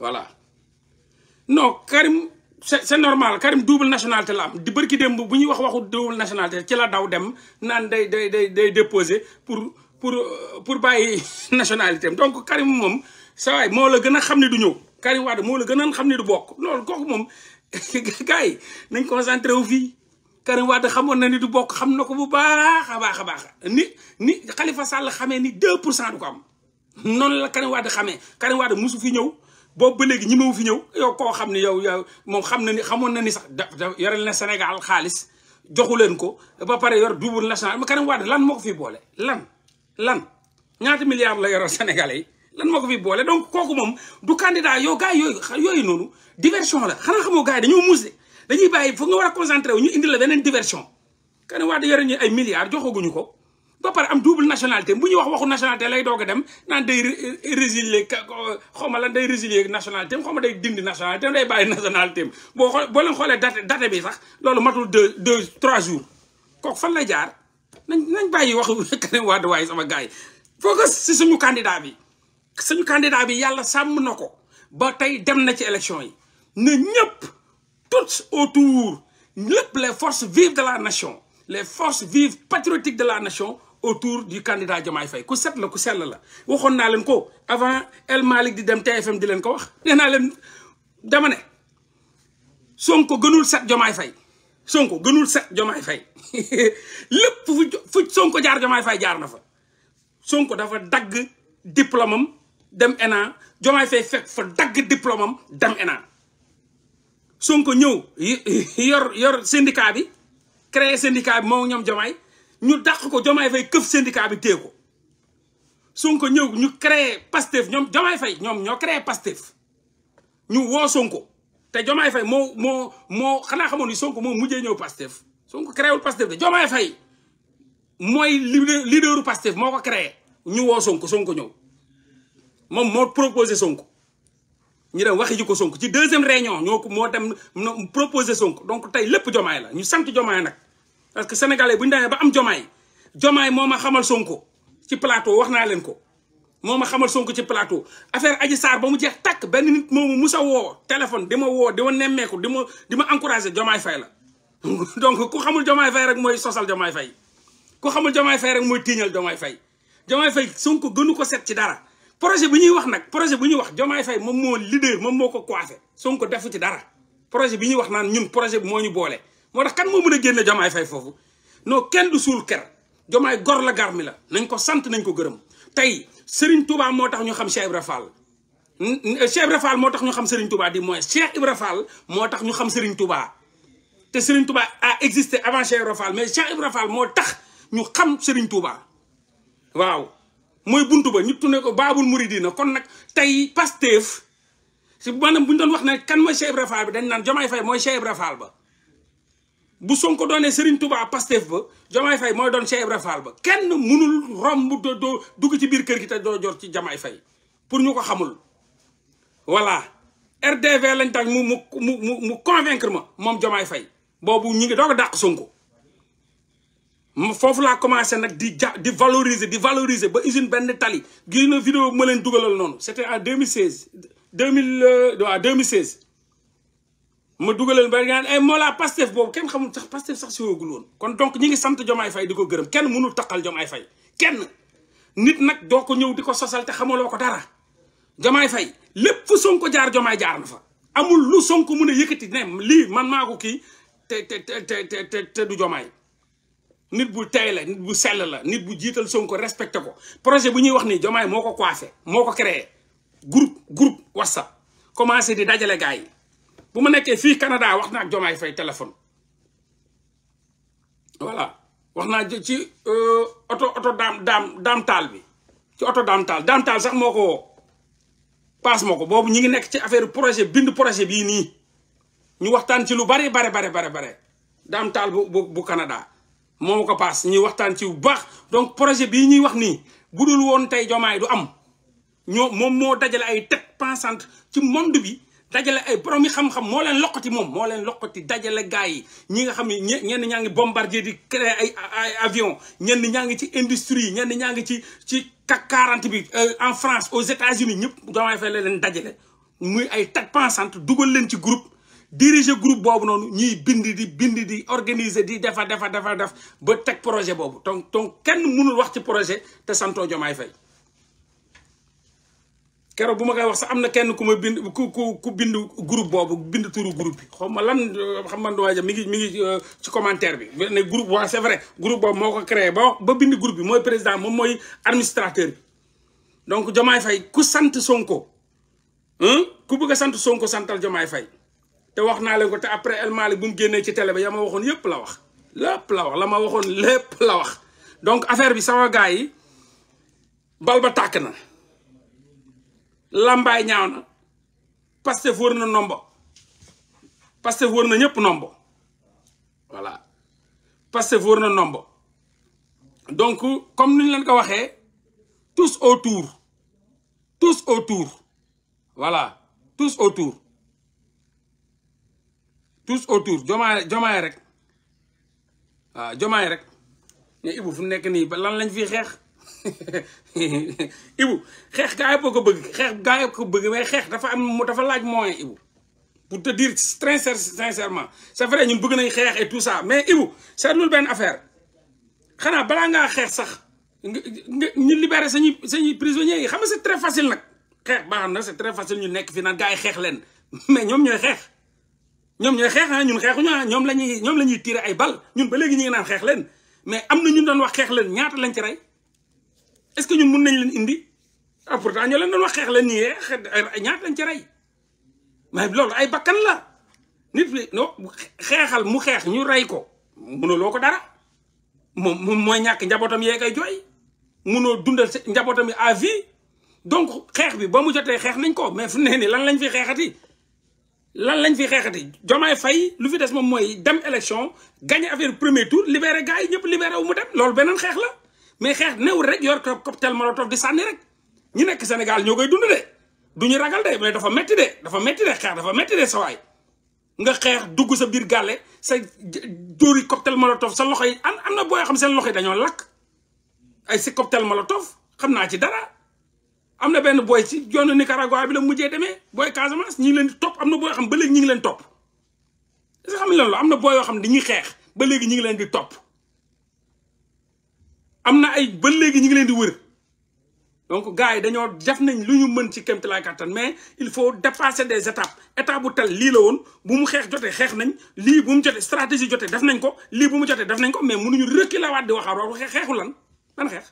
voilà non Karim c'est c'est normal Karim double nationalité la am di bërki démb bu ñuy wax waxu double nationalité ci la daw dem naan day day day déposé pour pour euh, pour bàyyi nationalité donc Karim moom sa moo la gën a xam ne du ñëw Karim Wade moo la gën a xam ne du bokk loolu kooku moom gars nañ concentré wu fii Karim xamoon na ni du bokk xam na ko bu baax a baax a baax ni ni Khalifa Sall xamee ni 2 pour cent du ko am noonu la Karim Wade xame Karim Wade mosu fi ñëw boobu ba léegi ñi ma fi ñëw yow koo xam ne yow yow moom xam na ni xamoon na ni sax da yorel na Sénégal xaalis joxu leen ko ba pare yor double national ma Karim Wade lan moo fi boole lan lan ñaata milliards la yoro Sénégalais lan moo ko fi boole donc kooku moom du candidat yow gars yooyu yooyu noonu diversion la xanaa xamoo gars yi dañoo muus de dañuy bàyyi foog nga war a concentré wu ñu indi la beneen diversion Karim Wade yore ñu ay milliards joxaguñu ko ba pare am double nationalité bu ñuy wax waxu nationalité lay doog a dem naan day résilier xaw ma lan day résilier nationalité am xaw ma day dindi nationalité am day bàyyi nationalité am boo xoo boo leen xoolee date date bi sax loolu matul deux deux trois jours kooku fan la jaar nañ nañ bàyyi waxu Karim Wade waaye sama gars yi focus si suñu candidat bi suñu candidat bi yàlla sàmm na ko ba tey dem na ci élection yi ne ñëpp tout autour ñëpp les forces vives de la nation les forces vives patriotiques de la nation autour du candidat Diomaye Faye ku set la ku sell la waxoon naa leen ko avant El Malick di dem TFM di leen ko wax nee naa leen dama ne Sonko gënul set Diomaye fay Sonko gënul set Diomaye Faye lépp fu Sonko jaar Diomaye fay jaar na fa Sonko dafa dagg diplôme am dem ENA Diomaye Faye fekk fa dagg diplôme am dem ENA Sonko ñëw yor yor syndicat bi créer syndicat bi moom ñoom Diomaye ñu dàq ko Diomaye Faye këf syndicat bi téye ko Sonko ñëw ñu créé Pastef ñoom Diomaye ñoom ñoo créé Pastef ñu woo Sonko te Diomaye Faye moo moo moo xanaa xamoon ni Sonko moo mujjee ñëw Pastef Sonko créé wul Pastef de Diomaye Faye mooy leaderu Pastef moo ko créé ñu woo Sonko Sonko ñëw moom moo proposé Sonko ñu dem waxi ji ko Sonko ci deuxième réunion ñoo ko moo dem proposé Sonko donc tey lépp Diomaye la ñu sant Diomaye nag. parce que sénégalais bu ñu demee ba am jomaay jomaay moom ma xamal sonko ci plateau wax naa leen ko moom ma xamal sonko ci plateau affaire aji saar ba mu jeex takk benn nit moomu musa woo téléphone di ma woo di ma nemmeeku di ma di ma encouragé jomaay fay la donc ku xamul jomaay fay rek mooy sosal jomaay fay ku xamul jomaay fay rek mooy tiiñal jomaay fay jomaay fay sonko gënu ko set ci dara projet bu ñuy wax nag projet bu ñuy wax jomaay fay moom moo leader moom moo ko coiffé sonko defu ci dara projet bi ñuy wax naan ñun projet bi moo ñu boole moo tax kan moo mën a génne jomaay fay foofu non kenn du suul ker jomaay gor la garmi la nañ ko sant nañ ko gërëm tey Serigne Touba moo tax ñu xam Cheikh Ibra Fall euh, Cheikh moo tax ñu xam Serigne Touba di moins Cheikh Ibra moo tax ñu xam Serigne Touba te Serigne Touba a existé avant Cheikh Ibra mais Cheikh Ibra moo tax ñu xam Serigne Touba waaw mooy buntu ba ñu tuddee ko Baabul Muridina kon nag tey Pastef si maanaam bu ñu doon wax ne kan mooy Cheikh Ibra bi dañ naan Jomaay Fay mooy Cheikh Ibra ba. bu Sonko doonee Serigne Touba Pastef ba Jamaay Fay mooy doon Cheikh Ibra ba kenn mënul romb doo dugg ci biir kër gi te doo jor ci Jamaay Fay pour ñu ko xamul voilà RDV lañ tax mu mu mu mu convaincre ma moom Jamaay Fay boobu ñu ngi doog a dàq Sonko foofu laa commencé nag di ja di valoriser di valoriser ba usine benn tali gis na vidéo ma leen dugalal noonu c'était en 2016 2000 euh, waaw 2016 ma dugaleel ba nga ay Mollah Pastef boobu kenn xamul sax Pastef sax si woogul woon kon donc ñi ngi sant Jomaay Fay di ko gërëm kenn mënul taqal Jomaay Fay kenn nit nag doo ko ñëw di ko sosal te xamaloo ko dara Jomaay Fay lépp fu Sonko jaar Jomaay jaar na fa amul lu sonk mun a yëkkati ne lii man maa ko kii te te te te du Jomaay nit bu tey la nit bu sell la nit bu jiital Sonko respecté ko projet bu ñuy wax nii Jomaay moo ko coiffé moo ko créé groupe groupe WhatsApp commencé di dajale gars yi bu ma nekkee fii Canada wax naa ak Jomaay Fay téléphone voilà wax naa ci euh, oto oto daam daam daam taal bi ci oto daam taal daam taal sax moo ko woo paas ma ko boobu ñu ngi nekk ci affaire projet bind projet bii nii ñu waxtaan ci lu bare bare bare bare bare daam taal bu bu Canada moomu ko paas ñuy waxtaan ci bu baax donc projet bii ñuy wax nii bu dul woon tey Jomaay du am ñoo moom moo dajale ay tête pensante ci monde bi dajale ay borom yi xam-xam moo leen loqati moom moo leen loqati dajale gars yi ñi nga xam ne ñenn ñaa ngi bombardier di créer ay ay avion ñenn ñaa ngi ci industrie yi ñenn ñaa ngi ci ci CAC 40 bi euh, en France aux États-Unis ñëpp Diomaye Faye la leen dajale muy ay tête pensante dugal leen ci groupe diriger groupe boobu noonu ñuy bind di bind di organiser di defa defa defa def ba teg projet boobu donc donc kenn mënul wax ci projet te santoo Diomaye Faye keroog bu ma koy wax sa am na kenn ku ma bind ku ku ku bind group boobu bind turu group bi xaw ma lan euh, xam man duwaa ja mi ngi mi ngi euh, ci commentaire bi ne groupe waaw c'est vrai boobu moo ko créé ba ba bind groupe bi mooy président moom mooy administrateur bi donc Jomaay Fay ku sant Sonko ku bëgg a sant Sonko santal Jomaay Fay te wax naa leen ko te après El Malick bu mu génnee ci tele bi ya ma waxoon yépp la wax lépp la wax la ma waxoon lépp la wax donc affaire bi sama yi bal ba tàkk na làmbaay ñaaw na Pastef wër na nombo Pastef wër na ñëpp nombo voilà Pastef wër na nombo donc comme ni leen ko waxee tous autour tous autour voilà tous autour tous autour jomaay jomaay rek waaw ah, jomaay rek ne Ibou fu nekk nii ba lan lañ fi xeex Ibou xeex gaa yëpp ko bëgg xeex gaa yëpp ko bëgg mais xeex dafa am dafa laaj moyen Ibou pour te dire très sincèrement c'est vrai ñun bëgg nañ xeex et tout sax mais Ibou seetlul benn affaire xanaa balaa ngaa xeex sax nga ñu libéré sañuy sañuy prisonniers yi xam nga c'est très facile nag xeex baax na sa très facile ñu nekk fi naan gaa yi xeex leen mais ñoom ñooy xeex ñoom ñooy xeex ah ñun xeexuñu ah ñoom lañuy ñoom la ñuy tiré ay bal ñun ba léegi ñu ngi naan xeex leen mais am na ñu doon wax xeex leen ñaata lañ ci rey est que ñun mun nañ leen indi ah pourtant ñoo leen doon wax xeex la nii eh, ñaata lañ ci rey mais loolu ay bakkan la nit fi non xeexal mu xeex ñu rey ko loo ko dara moom mooy ñàkk njabootam yee koy jooy mënoo dundal njabootam yi à vie donc xeex bi ba mu jotee xeex nañ ko mais fu nee ni lan lañ fi xeexati lan lañ fi xeexati jomaay fay lu fi des moom mooy dem élection gagné affaire premier tour libéré gars yi ñëpp libéré wu mu dem loolu beneen xeex la mais xeex newul rek yor cocktail molotov di sànni rek ñi nekk Sénégal ñoo koy dund de du ñu ragal de mais dafa metti de dafa metti de xeex dafa metti de nga xeex dugg sa biir gàlle sa dóori cocktail molotov sa loxo yi am am na booy xam seen loxo dañoo lakk ay si cocktail molotov xam naa ci dara am na benn booy ci yoonu Nicaragua bi la mujjee demee booy Casamance ñi leen topp am na booy xam ba léegi ñi ngi leen topp. xam nga loolu am na booy yoo xam dañuy xeex ba léegi ñi ngi leen di topp. am na ay ba léegi ñu ngi leen di wér donc gars yi dañoo def nañ lu ñu mën ci kéem tolluwaay kattan mais il faut dépasser des étapes état bu tel lii la woon bu mu xeex jotee xeex nañ lii bu mu jotee stratégie jotee def nañ ko lii bu mu jotee def nañ ko mais mënuñu reculer waat di wax a xeexu lan ban xeex.